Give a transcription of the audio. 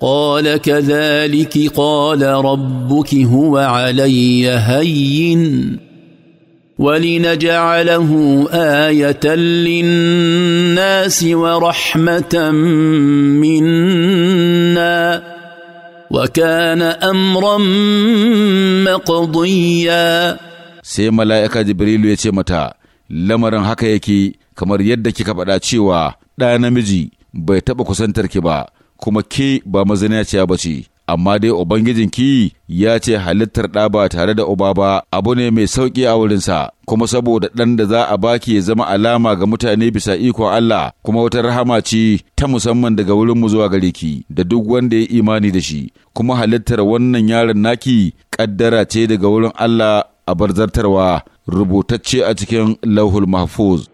قال كذلك قال ربك هو علي هين ولنجعله ايه للناس ورحمه منا وكان امرا مقضيا سي ملائكه جبريل يتي متى لمر هكا يكي كمر يدكي كبدا تشيوا دا نمجي بيتبو كسنتركي kuma ke ba mazinaciya ba ce, amma dai ki ya ce halittar ɗa ba tare da uba ba abu ne mai sauƙi a wurinsa, kuma saboda ɗan da za a baki ya zama alama ga mutane bisa ikon Allah, kuma wata rahama ce ta musamman daga wurinmu zuwa gare ki, da duk wanda ya imani da shi, kuma halittar wannan yaron naki ƙaddara ce daga wurin Allah a barzartarwa rubutacce a cikin lauhul mahfuz.